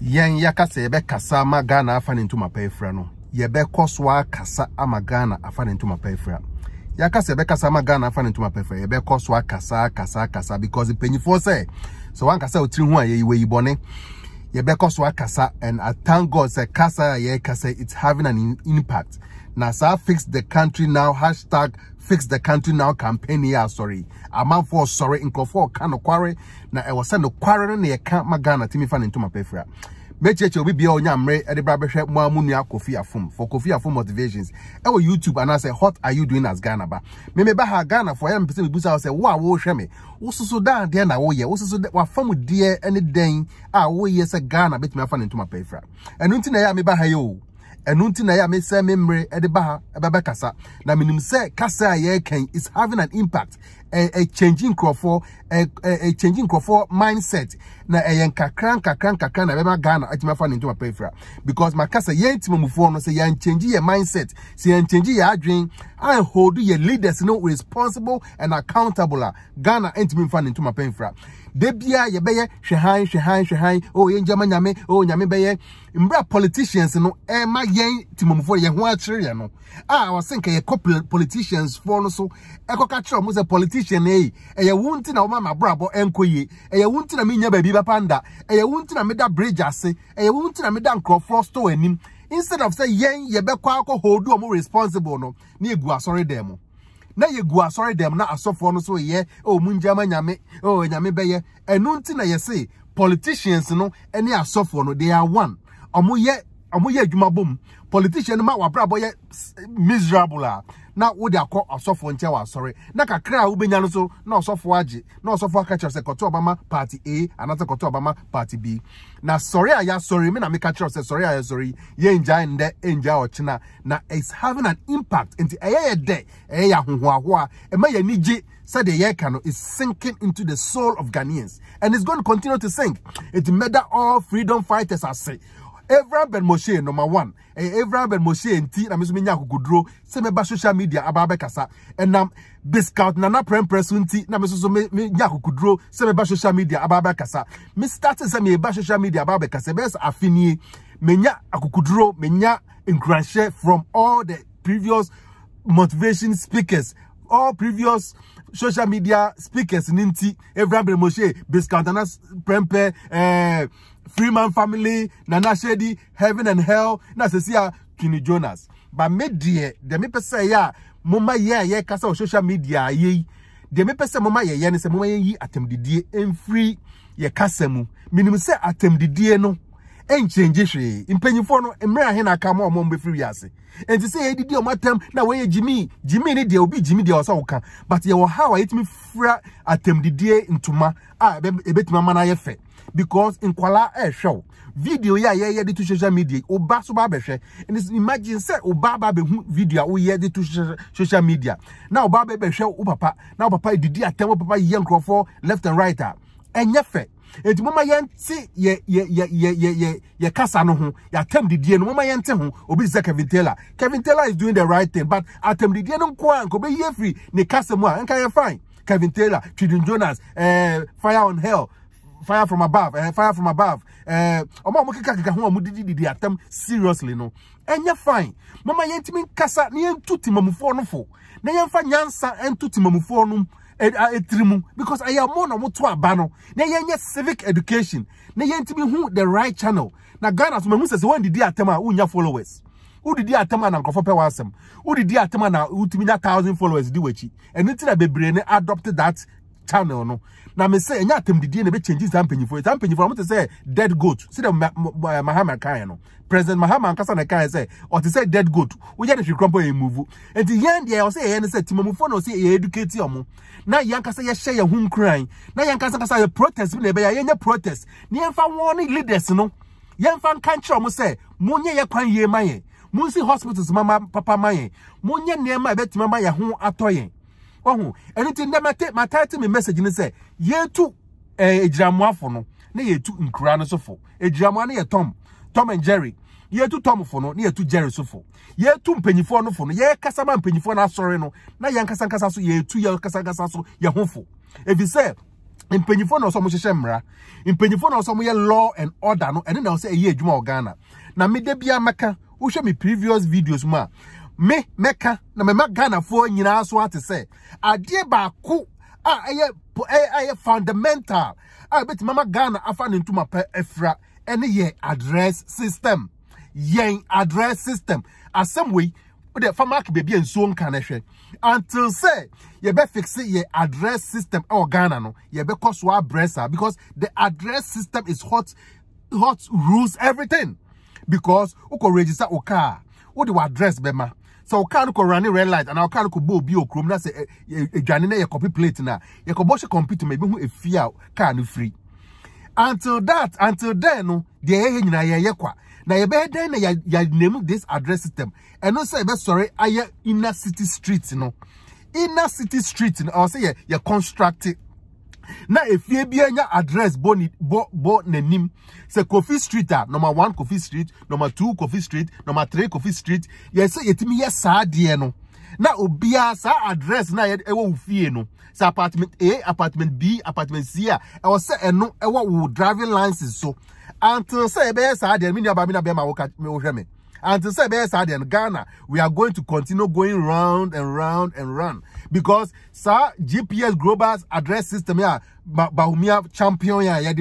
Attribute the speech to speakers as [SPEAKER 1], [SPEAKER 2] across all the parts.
[SPEAKER 1] yɛn yɛkasa yɛbɛkasa ama ghana afa ne ntoma pa afira no yɛbɛkɔ so akasa ama ghana afa ne ntoma pa afira yɛakasa yɛbɛkasa ama ghana afa ne ntoma pa afira yɛbɛkɔ so akasa akasa akasa because mpanyifoɔ sɛ sɛ wankasa wo ho a yɛyiwɔ yibɔne yɛbɛkɔ so akasa and i thank god sɛ kasa a yɛrekasa it's having an impact Nasa fix the country now hashtag fix the country now campaign here sorry for sorry nkofo ka no kware na e wose no kware no na e ka magana timi fa ntoma pefra mecheche obi bia onya mre e de bra behwe mo amunu akofi afum for kofi afum motivations e wo youtube and i say what are you doing as ghana ba me me ba ha ghana for em pese me busa say wo a wo hwe me wo susu dan de na wo ye wo susu wa fam de ene den a wo ye say ghana me afa ntoma pefra enu ntina ya me ba ha ye o ɛno nti na ɛyɛ a mesɛ me mmerɛ de ba ha ɛbɛbɛkasa na menim sɛ kasa a yɛrekɛn is having an impact A changing ɛkyɛngyi a changing nkurɔfoɔ mindset na ɛyɛ eh, kakran, kakran, kakran. na ɛbɛma ghana atumi afa into my paper. because maka sɛ yɛn timamufoɔ no sɛ yɛnkyɛngyi yɛ mindset sɛ yɛnkyɛngyi yɛ adwen I hold yɛ leaders you know, responsible and accountable a ah. ghana ntumi nfa ne ntoma pɛɛfira debia yɛbɛyɛ hwɛhan hwɛhan hwɛhan o yɛn gyama nyame o nyame bɛyɛ mbra politicians no ɛma eh, yɛn timamufoɔ yɛn ho akyerɛ yɛn no a wɔsɛn ka yɛ kɔ politicians for no so ɛkɔka kyerɛ ɔmo sɛ politicians. decision eyi ɛyɛ wo nti na woma m'abrabɔ ɛnkɔ yie ɛyɛ wo nti na menya baabi bɛpa nda ɛyɛ wo nti na meda bridge ase ɛyɛ wo nti na meda nkurɔfoɔ store anim instead of sɛ yɛn yɛbɛkɔ akɔ hold ɔmo responsible no na yɛgu asɔre dɛm mu na asɔre dɛm na asɔfoɔ no so yɛ mu nyame nyame bɛyɛ na yɛse politicians no ɛne eh, asɔfoɔ no they are one ɔmo yɛ ɔmo yɛ adwuma bom na wode akɔ asɔfoɔ nkyɛn wɔ asɔre na kakra a wobɛnya no so na ɔsɔfoɔ agye na ɔsɔfoɔ aka kyerɛ sɛ kɔtɔ ɔbama party a anaasɛ kɔtɔ ɔbama party b na sɔre a yɛasɔre me na meka kyerɛ sɛ sɔre a yɛsɔre yɛngyae ndɛ ɛngyae ɔkyena na it's having an impact nti ɛyɛ yɛ dɛ ɛyɛ yɛ ahohoahoa ɛma yɛni gye said the Yekano is sinking into the soul of Ghanaians and it's going to continue to sink. It murder all freedom fighters, I say. Abraham Ben Moshe number one ɛyɛ eh, Abraham Ben Moshe nti na mi nso kukudro. nya akokoduro ba social media aba abɛkasa ɛnam biscout, nana prɛmprɛ so nti na mi nso so mi mi nya akokoduro ba social media aba kasa. mi start sɛ mi ba social media aba kasa. bɛyɛ sɛ afi akukudro, mi nya from all the previous motivation speakers all previous social media speakers Ninti nti Ben Moshe biscout, nana prɛmprɛ ɛɛ. Eh, Freeman family, Nana Shedi, Heaven and Hell, na sisi a Twini Jonas. Ba me die, de me pese ya, moma ye ye kasa o social media ye. De me pese moma ye ye ne se moma ye yi atemdidie emfri ye kasa mu. Minim se atemdidie no ɛnkyɛngye hwee mpanyinfoɔ no mmerɛ ahe na aka ma ɔmo mbɛfiri wiase nti sɛ yɛdidi ɔmo atam na wɔyɛ gyimi gyimi ne deɛ obi gyimi deɛ ɔsɛ ɔka but yɛwɔ ha a fra atem atamdidie ntoma a ebɛtumi ama no ayɛ fɛ because nkwalaa eh o video ya a yɛyɛ de to social media ɔba so ba abɛhwɛ and imagine sɛ ɔba ba abɛhu video a woyɛ de to social media na ɔba abɛhwɛ wo papa na wo papa edidi atam wo papa yiyɛ nkurɔfoɔ left and right a ɛnyɛ eti mama yɛnte ye ye ye ye ye ye yɛ kasa no ho yɛatɛm didie no mama yɛnte ho obi sɛ kevin taylor kevin taylor is doing the right thing but atɛm didie no nko a nko bɛ yie firi ne kasa mu Enka nka fine kevin taylor tridin jonas eh, fire on hell fire from above eh, fire from above ɛɛ eh, ɔmo a ɔmo keka keka ho a didi didi atɛm seriously no ɛnyɛ fine mama yɛntumi nkasa ne yɛntu timamufoɔ no fo na yɛnfa nyansa ɛntu timamufoɔ no mu etirimu because I am more na moto aba no na yenye civic education na yentimi hu the right channel na Ghana so mehu sese wandidi atem a unya followers udidi atem na nkofo pe wasem udidi atem na utimi na 1000 followers di wachi and nti na bebre ne adopt that channel no na me say enya atemdidie na be change saa mpanyinfo saa mpanyinfo na mo te say dead goat see dem mahama kan no president mahama ankasa na kan say or te say dead goat wo ye de hwe krompo ye move enti yen de o say ye ne say timamufo na o say ye educate omo na ye ankasa ye hye ye hun kran na ye ankasa ankasa ye protest na be ya ye nya protest ni emfa won ni leaders no ye emfa kan kire omo say mo nye ye kwan ye ma ye mo si hospitals mama papa ma ye mo nye ne ma e betima ma ye ho atoyen wahu ɛnti ndɛ mate mataate me message ne sɛ yɛtu ɛɛ eh, egyinamuafo no ne yɛtu nkura no so fo egyinamua ne yɛ tom tom and jerry yɛtu tom fo no ne yɛtu jerry so fo yɛtu mpanyinfoɔ no fo no yɛkasa Kasama mpanyinfoɔ no asɔre no na yɛn kasankasa so yɛtu yɛn kasankasa so yɛ ho fo ebi sɛ mpanyinfoɔ na ɔsɔ mo hyehyɛ mmara mpanyinfoɔ na ɔsɔ yɛ law and order no ɛne na ɔsɛ ɛyɛ adwuma wɔ ghana na mmeda bi amaka wohwɛ me previous videos mu a me meka na mema ghanafoɔ nyinaa so ate sɛ adeɛ baako a ɛyɛ ɛyɛ fundamental a ɛbɛtumi ama ghana afa ne ntoma pɛ afira ɛne yɛ address system yɛn address system asɛm wei wode famak baabi a nsuo nka no hwɛ until sɛ yɛbɛfixe yɛ address system ɛwɔ ghana no yɛbɛkɔ so abrɛ saa because the address system is hot hot rules everything because wokɔ register wo car wode w'address bɛma sɛ wo kaa no kɔrane red light anaa wo kaa no kɔbɔ obi wɔ kurom na sɛ adwane no yɛ kɔpe plate na. a yɛkɔbɔ hyɛ computer ma yɛbɛhu ɛfie a kaa no firi until that until then no deɛ yɛyɛ eh, eh, nyinaa yɛyɛ kwa na yɛbɛyɛ dɛn na yɛnam this address system ɛno sɛ yɛbɛsɔre ayɛ inner city street no inner city street no ɔwɔ sɛ yɛ yɛ constructed na efie bi anya address bɔ ne bɔ bɔ n'anim sɛ kofi street a number one kofi street number two kofi street number three kofi street yɛsɛ yɛtumi yɛ saa adeɛ no na obiara saa address na yɛ ɛwɔ wo fie no sɛ apartment a apartment b apartment c a ɛwɔ sɛ ɛno ɛwɔ wo driving license so until sɛ yɛbɛyɛ saa adeɛ no mi nua ba ma na bɛrima wɔka wɔhwɛ mi. And to say, in Ghana, we are going to continue going round and round and round. Because, sir, GPS Global Address System, yeah, Bahumia Champion, yeah, yeah,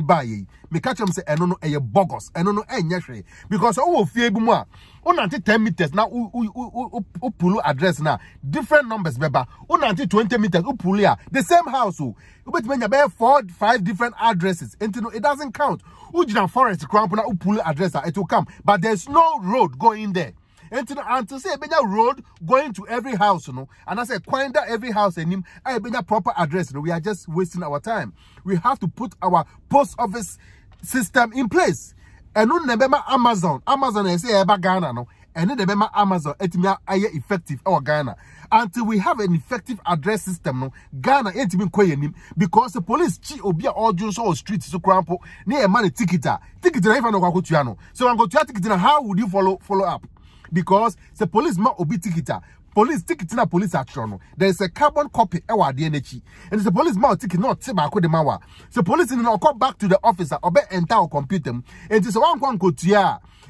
[SPEAKER 1] meka kyerɛ m sɛ ɛno no ɛyɛ bogus ɛno no ɛnyɛ hwee because wowɔ fie bi mu not wonante 10 meters na wopulu address now. different numbers bɛba wonante 20 meters pull a the same house o wobɛtumi anya bɛyɛ 4 5 different addresses nti no it doesn't count wogyina forest koraa mpo na wopulu address it will come but there's no road going there nti no until sɛ ebenya road going to every house You know, I said, kwan da every house anim a proper address we are just wasting our time we have to put our post office system in place and ɛno na ɛbɛma amazon amazon is here ɛba ghana no ɛne na ɛbɛma amazon ɛtumi ayɛ effective ɛwɔ ghana until we have an effective address system no ghana ain't even yɛn anim because the police kyi obi a ɔdwo nso streets so crampo. mpo ne yɛ ma ne ticket a ticket na yɛfa na ɔkɔ akɔtua no so wɔn akɔtua ticket na how would you follow follow up because the police ma obi ticket police ticket na police atwerɛ no there is a carbon copy ɛwɔ adeɛ n'akyi and sɛ police ma o ticket na ɔte baako de ma wa So police ni na ɔkɔ back to the officer. a enter o computer mu nti sɛ wankɔ nkotua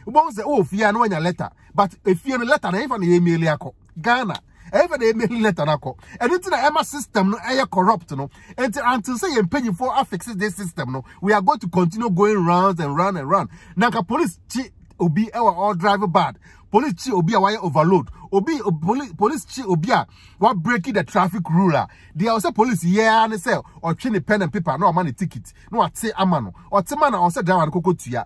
[SPEAKER 1] a wobɛn sɛ ɔwɔ fie a na wanya letter but efie no letter na yɛn fa na yɛ email akɔ ghana even na email letter n'akɔ ɛno ti na ɛma system no ɛyɛ corrupt no nti until you yɛn mpanyinfoɔ fix this system no we are going to continue going round and round and round nanka police kyi obi ɛwɔ all bad police chi obi a wayɛ overload obi police police chi obi a wabreaki the traffic rule a deɛ ɔsɛ police yɛa ne sɛ ɔtwe ne pen and paper na ɔma ne ticket na wate ama no ɔte ma na ɔsɛ driver no koko tua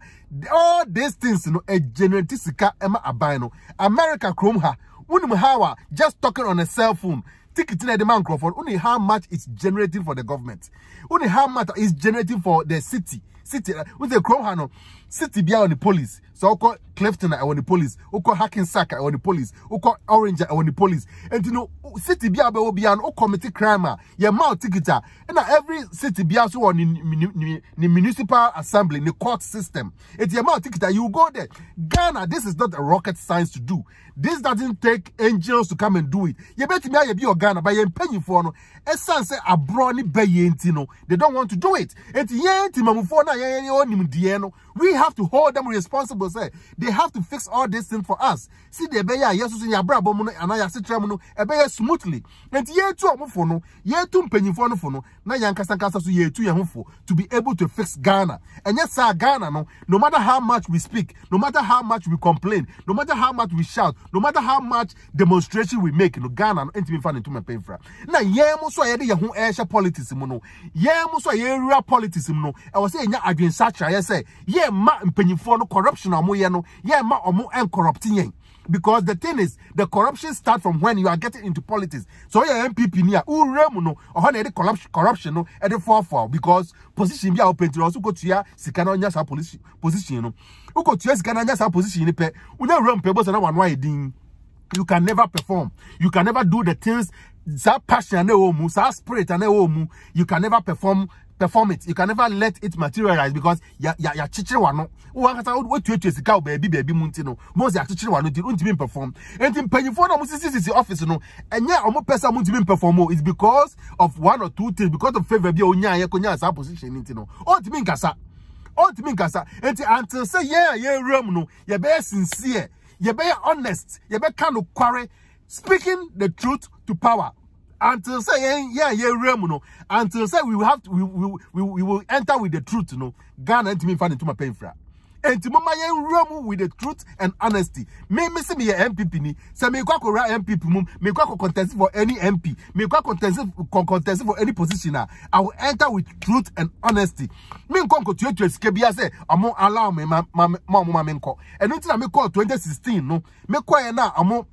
[SPEAKER 1] all these things no ɛgenerate sika ɛma aban no america kurom ha wunim how a uh, just talking on a cell phone ticket na demand Crawford only how much it's generating for the government only how much it's generating for the city city with uh, the Chrome no. city be on the police So wokɔ Clifton a ɛwɔ the police, wokɔ Hackensack a ɛwɔ ne police, wokɔ Orange a ɛwɔ ne police. you know, city bi a bɛwɔ be a no commit crime a yɛ mouth ticket a every city bi a on the municipal assembly the court system. Enti yɛ mouth ticket you go there. Ghana this is not a rocket science to do. this doesn't take angels to come and do it yɛbɛtumi ayɛ bi ɔghana ba yɛn mpanyinfoɔ no ɛsan sɛ aborɔ ne bɛ yɛn nti no they don't want to do it eti yɛn ti mamufoɔ na yɛn yɛn onim deɛ no we have to hold them responsible Say they have to fix all these things for us si de ɛbɛyɛ Jesus in your bra, mu no I yɛasetra mu no ɛbɛyɛ smoothly eti yɛn tu ɔmo fo no yɛn tu mpanyinfoɔ no fo no na yɛn nkasankasa so yɛn tu yɛn ho fo to be able to fix ghana ɛnyɛ saa ghana no no matter how much we speak no matter how much we complain no matter how much we shout no matter how much demonstration we make no ghana no ntumi nfa ne my mpɛn fira na yɛn mo so a yɛde yɛn ho politics mu no yɛn mo so a yɛrewura politics mu no ɛwɔ sɛ yɛnya adwensakyerɛ ayɛ sɛ yɛn ma mpanyinfoɔ no corruption a wɔyɛ no yɛn ma wɔn ɛncorrupt yɛn Because the thing is, the corruption starts from when you are getting into politics. So your MPP near uremu no or any corruption corruption no at the four four because position be open to also go to ya sikana on your police position no. Uko to sikana on yasa position ni pe. Una rem pe boss na one why You can never perform. You can never do the things that passion and mu, that spirit and mu. You can never perform perform it you can never let it materialize because ya ya ya kyekyere wano wọn kasa wọn tuetue sika wọ beebi beebi mu nti no most ya kyekyere wano nti ntumi perform nti mpanyinfoɔ na wɔn sisi the office no ɛnyɛ wɔn pɛ person wɔn ntumi perform it's because of one or two things because of favor bi on onyaa yɛ ko nyaa saa position nti no o ntumi nkasa o ntumi nkasa nti until say yeah yeah yɛn no. mu no sincere. sincere yɛbɛyɛ honest yɛbɛka no quarry speaking the truth to power until say eh, yeah yeah realm no until say we will have to, we, we, we, we will enter with the truth no Ghana ntimi mfa my ntoma pamfra enti mama yen real with the truth and honesty me me see me ye MPP ni se me kwa kora MPP mum me kwa contest for any MP me kwa contest contest for any position na ah. I will enter with truth and honesty me nko nko tue tue sike bia se amo allow me ma ma ma ma me nko enu ti na me call 2016 no me call na amo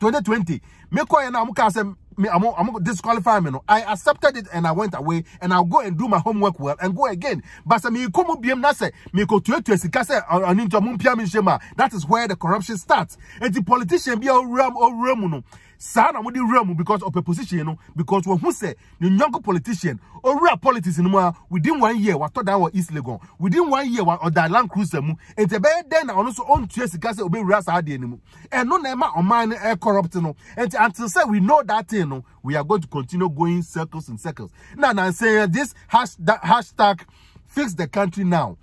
[SPEAKER 1] 2020 me call na amo ka say. me, I'm, I'm going me. No. I accepted it and I went away and I'll go and do my homework well and go again. But you me kumu biem na se, me ko tuwe tuwe and se, aninto ah, ah, mumpia minshema. That is where the corruption starts. And the politician be a ram, a ram, no. saa na wɔde wura mu because ɔpɛ position no because when who say the young politician owura politics no mu within one year what thought that was east legon within one year what other land cruiser mu nti ɛbɛyɛ dɛn na ɔno nso ɔntua sika sɛ ɔbɛwura real adeɛ anymore. And no na ɛma ɔman no ɛkɔrɔpt no and until sɛ we know that thing no we are going to continue going circles and circles Now, now, say uh, this hash, hashtag fix the country now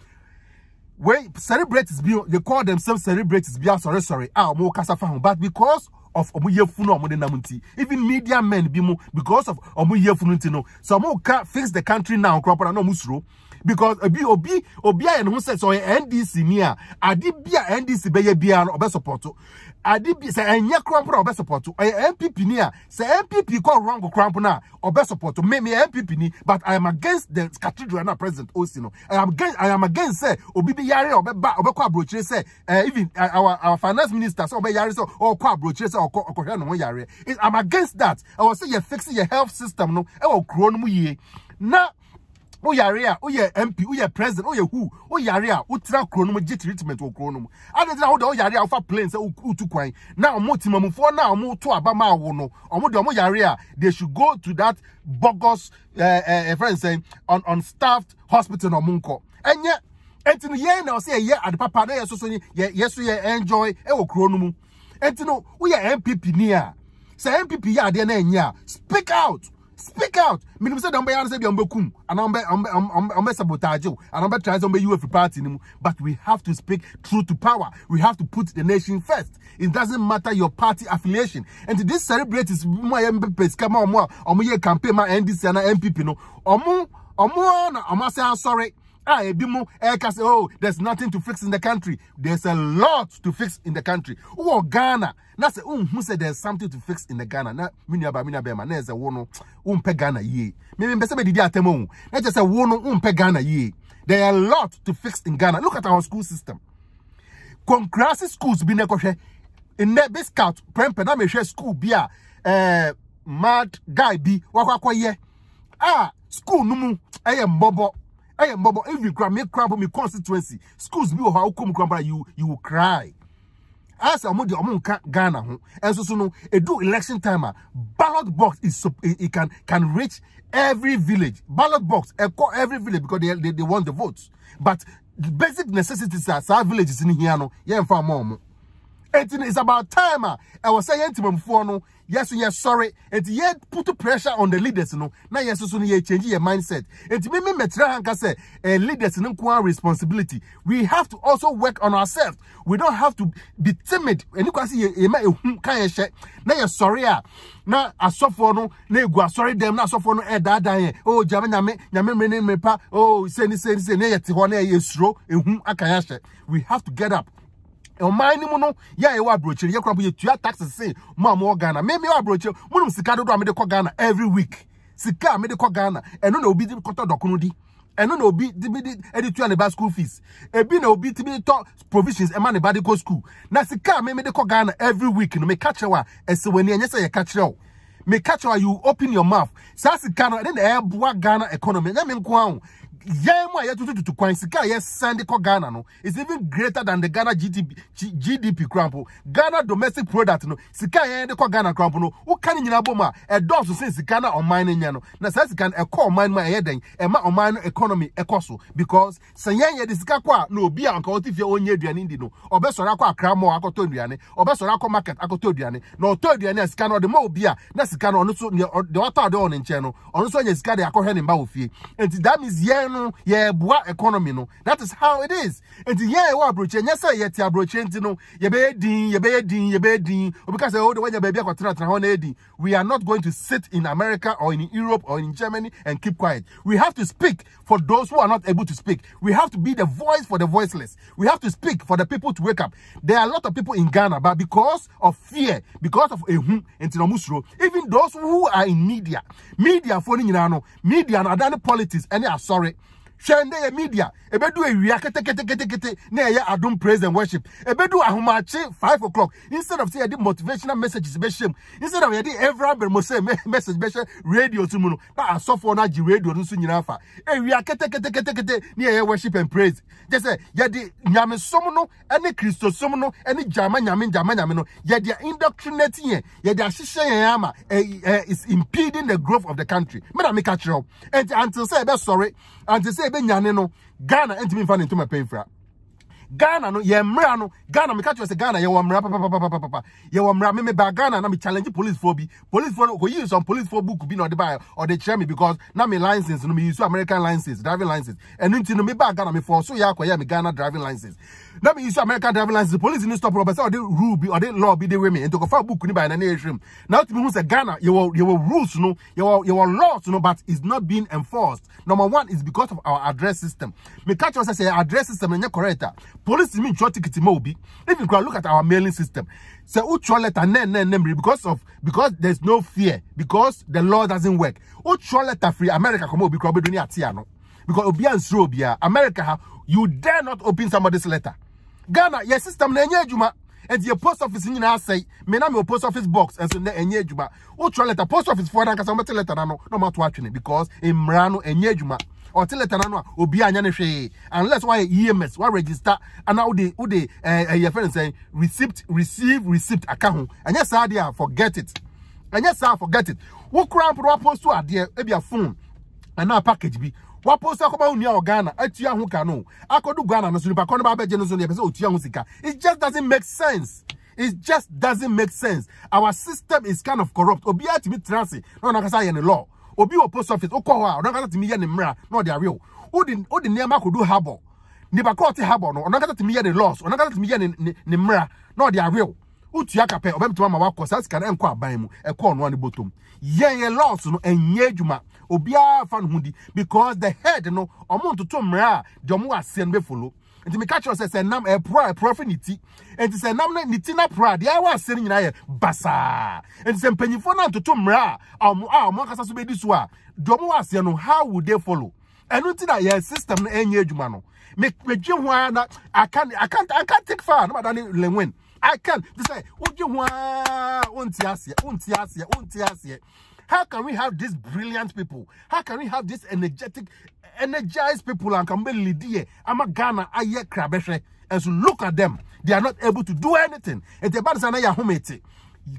[SPEAKER 1] wey celebrities bi they call themselves celebrities bi ah sorry sorry ah ɔmo kasa fa ho but because of ọmụ ihe funu ọmụ dị na nti even media men bi mụ because of ọmụ ihe funu nti no so ọmụ ka fix the country now kọrọpụra na ọmụ suro because obi obi obi ayọ ne ho sị sọ ọ ndc ni a ade bi a ndc bɛyɛ biara no ɔbɛ support ade bi sɛ ɛnyɛ kurampo na ɔbɛ support ɔyɛ npp ni a sɛ npp kɔ wrong kurampo na ɔbɛ support me me npp ni but i am against the cathedral na president osi no i am against i am against sɛ obi bi yare ɔbɛ ba ɔbɛ kɔ aburokyire sɛ ɛɛ eh, even eh, our our finance minister sɛ ɔbɛ yare sɛ ɔkɔ aburokyire sɛ ɔkɔ ɔkɔhwɛ no ho yare i am against that ɛwɔ sɛ yɛ fix yɛ health system no ɛwɔ kuro no mu yie na o yare a o yɛ mp o yɛ president o yɛ who o yare a o tira kuro no mu gye treatment wɔ kuro no mu adi tira o de o yare a o fa plane sɛ o tu kwan na ɔmo timamufoɔ na ɔmo to aba ma awo no ɔmo de ɔmo yare a they should go to that bogus ɛɛ eh, ɛɛ eh, eh, friend sɛ unstaffed hospital na ɔmo nkɔ ɛnyɛ ɛnti na ɔsɛ yɛ adi papa na yɛ soso ni yɛ so yɛ enjoy ɛwɔ kuro no mu ɛnti no o yɛ npp ni a sɛ npp yɛ adeɛ na ɛnyɛ a speak out. Speak out. Minim said ombe yanse bi ombe kum. And ombe ombe ombe sabotage you. And ombe trying to be UFP party But we have to speak true to power. We have to put the nation first. It doesn't matter your party affiliation. And this celebrate is mo yembe peska mo mo omo ye campaign my NDC and na MPP no. Omo omo na I'm sorry. Ah, a ebimu, ekase, eh, oh, there's nothing to fix in the country. There's a lot to fix in the country. Oh, Ghana. That's a, um, who said there's something to fix in the Ghana. Na, minyaba, minyaba, man, there's a wono, umpe Ghana ye. Mimi mbese me didi atemo, na just a um, umpe Ghana ye. There are a lot to fix in Ghana. Look at our school system. Konkrasi schools bi nekɔhwɛ. Nnɛ bi scout pɛmpɛ na mehwɛ school bi a eh, mad guy bi wakɔ ye. Ah, school numu, mu ɛyɛ mbɔbɔ. ɛyɛ if you cry, mi cry for mi constituency schools bi how come a you you will cry asɛ ɔmo deɛ ɔmo ghana And so so no do election timer. Ah, ballot box is it can can reach every village ballot box ɛkɔ every village because they they, they want the votes. but basic necessities a ah, saa villages in here. no yɛn fa more. It is about time. Ah. I was saying to no. Yes, yes, sorry. It yet put pressure on the leaders, no. Now yes, soon you change your mindset. It me me metra hanka say a eh, leaders no kwa responsibility. We have to also work on ourselves. We don't have to be timid. And you can see you may can share. Now yes, sorry. Ah. Now I suffer no na go sorry them na suffer no e eh, da dan. Oh jame nyame nyame me me Oh say ni say ni say na yet ho na yesro ehum hmm, aka We have to get up. ɔman no mu no yɛ a yɛwɔ aburokyire yɛ kora bo yɛtua taxes sen mo a mowɔ ghana me mewɔ aburokyire monom sika dodoɔ a mede kɔ ghana every week sika a mede kɔ ghana ɛno na obi de kɔtɔ dɔko di ɛno na obi timi de ɛde tua ne ba school fees ebi na obi timi de tɔ provisions ɛma ne ba de kɔ school na sika a mimi de kɔ ghana every week no meka kyerɛw a ɛsɛ wɔ ɛnyɛ sɛ yɛka kyerɛw meka kyerɛw a you open your mouth saa sika no ɛne na ɛɛboa ghana economy ɛnyɛ me nko ahụ yɛn mu a yɛtutu tutu kwan sika a yɛsɛnde kɔ ghana no is even greater than the ghana gdp gdp kurampo oh. ghana domestic product no sika a yɛn de kɔ ghana kurampo no woka ne nyinaa bɔ mu a ɛdɔɔso sen sika na ɔman no nya no na oh. saa sika no ɛkɔ ɔman mu a ɛyɛ dɛn ɛma ɔman no economy ɛkɔ so because sɛ yɛn yɛde sika kɔ a na obi a nka ɔte fie ɔnyɛ aduane di no ɔbɛsɔre akɔ akra mɔ akɔtɔ aduane ɔbɛsɔre akɔ market akɔtɔ aduane na ɔtɔ aduane a sika no ɔde ma na sika no ɔno so deɛ ɔtɔ adeɛ wɔ no ɔno so sika de akɔhwɛ ne mba that means yɛn no yɛboa economy no that is how it is nti yɛn ɛwɔ aburokyi nyɛ sɛ yɛte aburokyi nti no yɛbɛyɛ din yɛbɛyɛ din yɛbɛyɛ din obi ka sɛ o oh, de wɔnyɛ baabi akɔtenatena hɔ na edi we are not going to sit in america or in europe or in germany and keep quiet we have to speak for those who are not able to speak we have to be the voice for the voiceless we have to speak for the people to wake up there are a lot of people in ghana but because of fear because of ehu nti even those who are in media media fo ne nyinaa no media and Any, politics are sorry hwɛ ndɛ yɛ media ebedu ewia keteketekete na ɛyɛ adum praise and worship ebedu ahomakye five o'clock instead of say yɛde motivational messages be shame instead of yadi every abiremose message be shame radio to mu no na asɔfoɔ no agye radio no nso nyinaa fa ewia keteketekete na ɛyɛ worship and praise gye sɛ yɛde nyamesom no ɛne kristosom no ɛne gyama nyame Jama nyame no yadi indoctrinating yɛn yɛde ahyehyɛ yɛn is impeding the growth of the country me me mena meka kyerɛw until sɛ ɛbɛ sɔre until say. ɛbɛnyane no ghana ntumi nfa ne ntoma pɛn fira ghana no yɛ mmira no ghana meka kyerɛ sɛ ghana yɛwɔ mmira papapapapapa yɛwɔ mmira meme ba ghana na mi challenge policefoɔ bi policefoɔ no kɔyii some policefoɔ book bi na ɔde baa ɔde kyerɛ me because na mi license no meyi so american license driving license ɛno nti no mi meba ghana mefɔɔ so yɛ akɔyɛ mi ghana driving license me use American driving license. The police didn't stop robbers. Oh, or they rule or they law be the women. And to go for book in any nation. Now to me, Ghana, you your rules, you know, your your laws, you know, but it's not being enforced. Number one is because of our address system. Me catch us say address system and correct. Police mean church ticket mobi. If you can look at our mailing system, say ucho letter name name name because of because there's no fear because the law doesn't work. Ucho letter free America come obi because obi uh, America you dare not open somebody's letter. Ghana, your system na enye adwuma. And your post office in nyina say, me na me post office box and so na enye adwuma. Ultra letter post office for anka so mete letter na no, no matter atwene because emra no enye juma. Or te letter na no obi anya ne Unless why EMS, why register and now they who they eh, eh your friend say receipt receive receipt aka ho. Anya saa dia forget it. And yes, saa forget it. Wo kra mpo post to ade Maybe a phone and now package be wapost akɔba wo nua wɔ ghana atua ho ka no ghana no so nipa kɔ abɛgye no so no yɛpɛ sɛ ɔtua ho sika it just doesn't make sense it just doesn't make sense our system is kind of corrupt Obi obiara tumi tena ase na ɔno akasa yɛ ne law obi wɔ post office wokɔ hɔ a ɔno akasa tumi yɛ ne mmara na ɔde arew wode wode nneɛma akɔdo harbor nipa kɔ ɔte harbor no ɔno akasa tumi yɛ ne laws ɔno akasa tumi yɛ ne ne mmara na ɔde arew wotua kapɛ ɔbɛmtoma ma wakɔ saa sika no ɛnkɔ aban mu ɛkɔ ɔnoa ne bɔtɔm yɛn yɛ laws no ɛnyɛ adwuma obiara fa no ho di because the head no ɔmo ntoto mmerɛ a deɛ ɔmo wɔ aseɛ no bɛfolo nti meka kyerɛ sɛ sɛ nam ɛporo a ɛporo fi ne ti nti sɛ nam no ne ti na poro a deɛ ɛwɔ aseɛ no nyinaa yɛ basaa nti sɛ mpanyinfoɔ no ntoto mmerɛ a ɔmo a ɔmo akasa so bɛdi so a deɛ ɔmo wɔ no how would they follow ɛnu ti na yɛ system no ɛnyɛ adwuma no me medwe ho ara na i can i can i can take far no ma da ne lenwen i can te sɛ wodwe ho ara wonti aseɛ wonti aseɛ wonti aseɛ. How can we have these brilliant people? How can we have these energetic, energized people? And can be Lidie, I'm a Ghana, I Krabeshe. And so look at them. They are not able to do anything. It's about Zana Yahumete.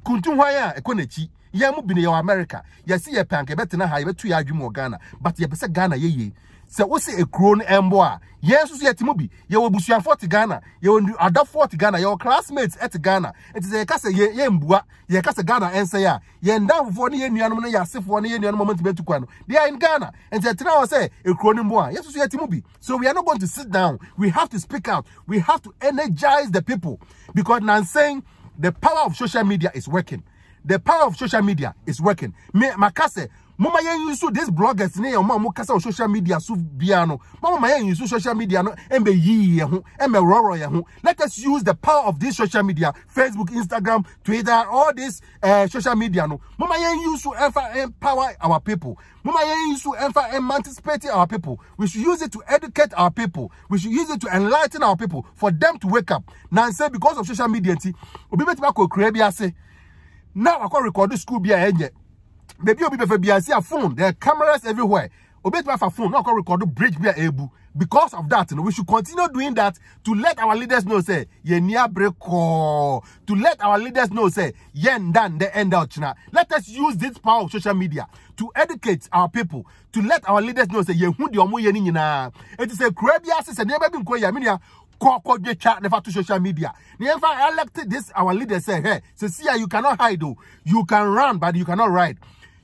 [SPEAKER 1] Kuntu e Ekonechi. Yamu Bini, yo America. Yasi panke Betina Haya, Betu mo Ghana. But Yapesa Ghana, ye ye sɛ wosi ekuro grown ɛmbo a yɛn nso so yɛ timo bi yɛwɔ busuafoɔ te ghana yɛwɔ adafoɔ te ghana yɛwɔ classmates ɛte ghana nti sɛ yɛka sɛ yɛ yɛn bua ghana ɛnsɛ yɛ a yɛn danfofoɔ ne yɛn nuanom ne yɛn asefoɔ ne yɛn nuanom ɔmo ntoma no they are in ghana and ɛtena hɔ sɛ ekuro no a a yɛn nso so yɛ timo bi so we are not going to sit down we have to speak out we have to energize the people because na saying the power of social media is working the power of social media is working me makase. mama yɛn yusu this bloggers ne yɛn mo kasa wɔ social media so bia no mama ma yɛn yusu social media no ɛmɛ yiyi yɛn ho ɛmɛ rɔrɔ yɛn ho let us use the power of this social media facebook instagram twitter all this uh, social media no mama yɛn yusu ɛfa empower our people mama yɛn yusu ɛfa emancipate our people we should use it to educate our people we should use it to enlighthen our people for them to wake up na say because of social media nti obi bɛ ti ba kɔ kura bi ase na wakɔ record school bi a ɛnyɛ. Baby, obi befe biasi a phone. There are cameras everywhere. Obey to have a phone. Not record the bridge be able. Because of that, you know, we should continue doing that to let our leaders know, say, ye near break To let our leaders know, say, yen dan the end out. China. Let us use this power of social media to educate our people, to let our leaders know, say, ye hundi omu ye ni nina. It is a crabby ass, and never been quay, I mean, never to social media. Never elected this, our leader say, hey, so see, you cannot hide, though. You can run, but you cannot ride.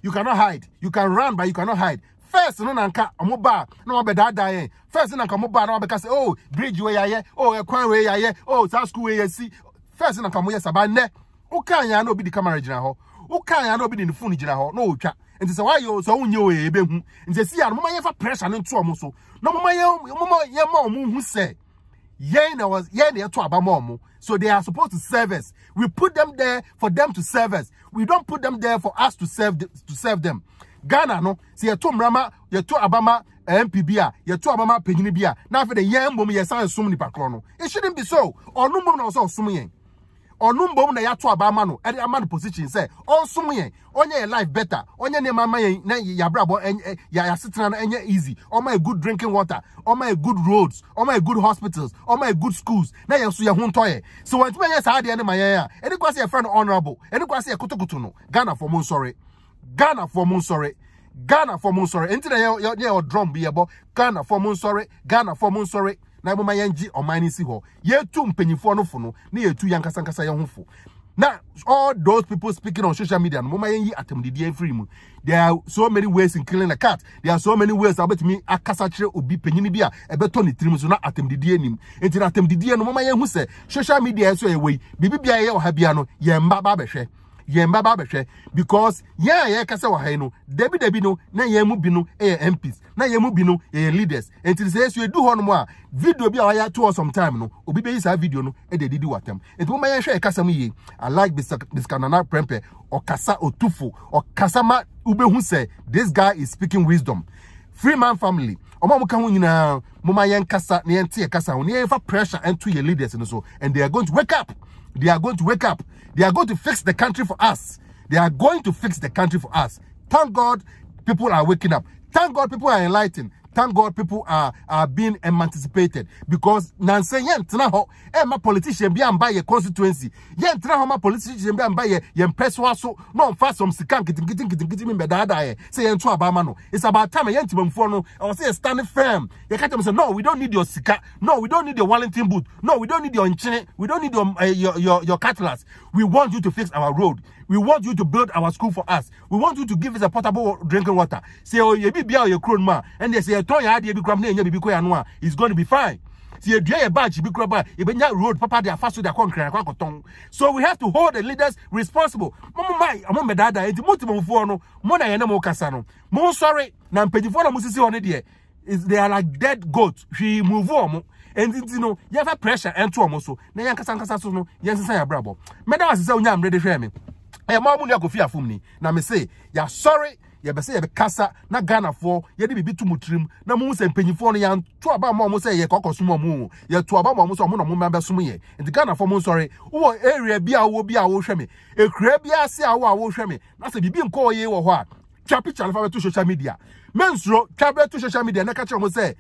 [SPEAKER 1] you cannot hide you can run but you cannot hide first no nanka ɔmo ba na ɔmo bɛ daadaa yɛn first nanka ɔmo ba na ɔmo bɛ ka sɛ oh bridge wei yayɛ oh ɛkwan e wei yayɛ oh saa school wei yɛsi first nanka ɔmo yɛ saba nnɛ wokaa yɛn na obi di camera gyina hɔ wokaa yɛn na obi di ne phone gyina hɔ na ɔretwa nti sɛ wayɛ sɛ ɔmo nye oyɛ ebe hu nti esi yɛ no moma yɛn fa pressure no nto ɔmo so na moma yɛn moma yɛn ma ɔmo hu sɛ yẹn na was yẹn na yẹn to aba mọ ọmọ so they are supposed to serve us we put them there for them to serve us We don't put them there for us to serve the, to serve them. Ghana no, see yeto mrama, yeto abama eh, MPB a, yeto abama penyini bi a. Na afede yen mbom yesan sum nipa kro no. It shouldn't be so. Or no more na so sum yen ɔno mbom na yɛato aba ama no ɛde ama no position sɛ ɔnsom yɛn ɔnyɛ yɛ life better ɔnyɛ nneɛma ama yɛn na yɛabrabɔ e, e, yɛasetena no ɛnyɛ easy ɔma yɛ good drinking water ɔma yɛ good roads ɔma yɛ good hospitals ɔma yɛ good schools na yɛn nso yɛn ho ntɔ yɛ so wɔn ntoma yɛ saa adeɛ no ma yɛn a ɛni kwa sɛ yɛfrɛ no honourable ɛni kwa sɛ yɛkotokoto no ghana fɔ mu nsɔre ghana fɔ mu nsɔre ghana fɔ mu nsɔre nti na yɛ yɛ drum bi ghana fɔ mu nsɔre ghana fɔ mu nsɔre na moma yɛngye ɔman no si hɔ yɛtu mpanyinfoɔ no fo no na yɛtu yɛn nkasa yɛn ho fo na all those people speaking on social media no moma yɛnyi atamdidi afiri mu there are so many ways in killing a cat there are so many ways abɛtumi akasa kyerɛ obi panyini bi a ɛbɛtɔ ne tirim so na atamdidi anim nti na atamdidi no moma yɛnhu sɛ social media ɛso ɛwɔ yi biribi biara yɛ ɔha bia no yɛn mba ba abɛhwɛ yɛn mbaba bɛhwɛ because yɛn a yɛrekasa wɔ ha yi no dabi dabi no na yɛn mu bi no yɛ mps na yɛn mu bi no yɛ leaders nti sɛ esu edu hɔ nom a video bi a wɔayɛ ato hɔ sometime no obi bɛyi saa video no de didi wɔ atam nti mo ma yɛn hwɛ ɛkasa mu yie i like biskanana prɛmpɛ ɔkasa otufo ɔkasa ma wobɛhu sɛ this guy is speaking wisdom free man family ọmọ ọmọ kan ho nyinaa mo ma yɛn kasa na yɛn te yɛ kasa ho na yɛn fa pressure ɛnto yɛ leaders no so and they are going to wake up. They are going to wake up. They are going to fix the country for us. They are going to fix the country for us. Thank God people are waking up. Thank God people are enlightened. Thank God people are, are being emancipated. Because nanse yen ho, eh ma politician bi amba ye constituency. Yen tina ho ma politician bi amba ye yen peswa so no fa some sikan kitim kitim kitim kitim me dada ye. Say yen to abama no. It's about time yen timamfo no. I was say stand firm. Ye catch them say no, we don't need your sika. No, we don't need your Wellington boot. No, we don't need your enchine. We don't need your eh, your your, your cutlass. We want you to fix our road. We want you to build our school for us. We want you to give us a portable drinking water. Say, oh, you be beer, your crown man. And they say, turn your idea, be and you be quay It's going to be fine. See, you a badge, be crab, you be road, papa, they are fast to their concrete, So we have to hold the leaders responsible. Mama, my, I'm on my dad, it's multiple for no, mona, and no casano. More sorry, now, Pedifona Musisi on Is they are like dead goats. We move on. And you know, you have a pressure and two almost so. Now, Yankasan Casasso, Yansan Bravo. Madam, I said, I'm ready to hear ɛyɛ maa mu nua kofi afom ni na me se yasɔre yɛbɛsɛ yɛbɛkasa na ghanafoɔ yɛde biribi to mu tirim na mu sɛ mpanyinfoɔ no yɛnto aba ma ɔmo sɛ yɛkɔkɔ som ɔmo yɛto aba ma ɔmo sɛ ɔmo na ɔmo mma bɛsom yɛ nti ghanafoɔ mo nsɔre wowɔ area bi a wowɔ bi a wohwɛ me ekura bi ase a wo a wohwɛ me na sɛ biribi nkɔɔ yie wɔ hɔ a twa picture alfa bɛto social media mensuro twa bɛto social media na ka kyerɛ ɔmo sɛ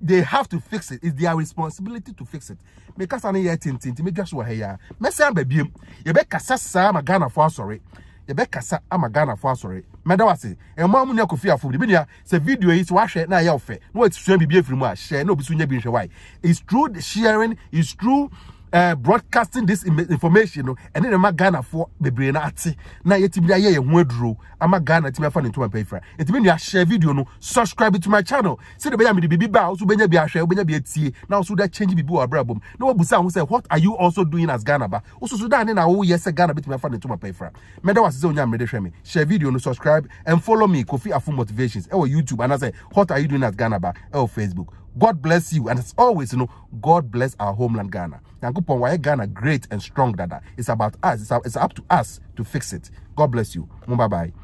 [SPEAKER 1] they have to fix it. It's their responsibility to fix it. Because I need tin tin to make sure here. Messi and baby, you bet Cassa Sam a Ghana for sorry. You bet Cassa I'm a Ghana for sorry. Madawasi, and eh, Mamma Nyakofi for the media. Say video is wash it now. You're fair. No, it's shame be free. Share no, be soon. You're being shy. It's true sharing, it's true uh, broadcasting this information no ɛne ne ma ghana fo bebree na ate na yɛtumi ayɛ yɛn ho aduro a ghana tumi afa ne ntoma pɛ fira yɛtumi nua share video no subscribe to my channel sɛdeɛ bɛyɛ amidi bibi ba a woso bɛnya bi ahwɛ wobɛnya bi etie na woso da change bibi wɔ abrabɔ mu na wɔbusa who say, what are you also doing as ghana ba Also, so da ne na woyɛ sɛ ghana bɛtumi my ne ntoma my paper. mɛda wɔ ase sɛ onya mmerɛ me share video no subscribe and follow me kofi afo motivations ɛwɔ youtube And anaasɛ what are you doing as ghana ba ɛwɔ facebook God bless you. And as always, you know, God bless our homeland, Ghana. Yankupon, why Ghana great and strong, Dada? It's about us. It's, up to us to fix it. God bless you. Bye-bye.